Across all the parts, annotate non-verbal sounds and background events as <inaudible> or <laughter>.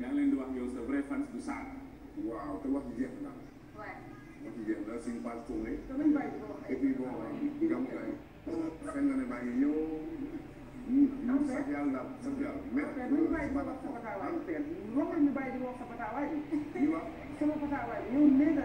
nga leen di wax yow sa vrai fans du Saal. waaw te wax ji jeex na. wax ji jeex na suñu page tournée. et puis bon nga mu gay. xëy na ne maa ngi ñëw. am na sax yàlla daal sax yàlla mais. loolu si ma la ko am teel ñu bàyyi di wax sa batawaay bi. ñu wax sama batawaay bi yow nee na.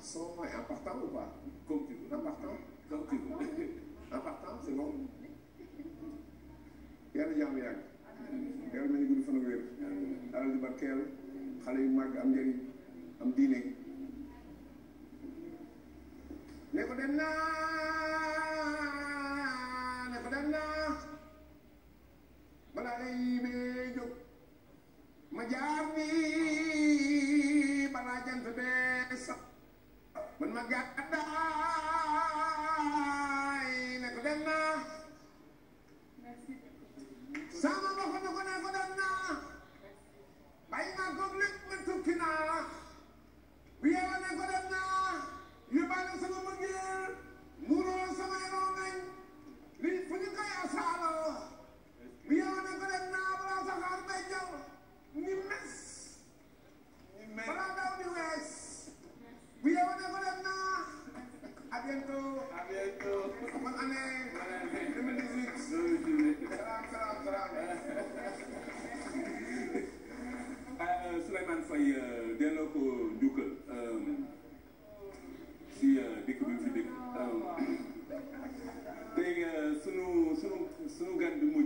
sort et en partant ou pas Comme tu veux. En partant, comme tu veux. bon yàlla jàmm yàgg yàlla mel ni gudd fan ak wér alal di barkeel xale yu màgg am njëriñ am diine ne ko dem naa my God. Assane Faye euh, delloo ko njukkal euh, si euh, dikk bi fi dikk <coughs> tey sunu sunu sunu gan bi mu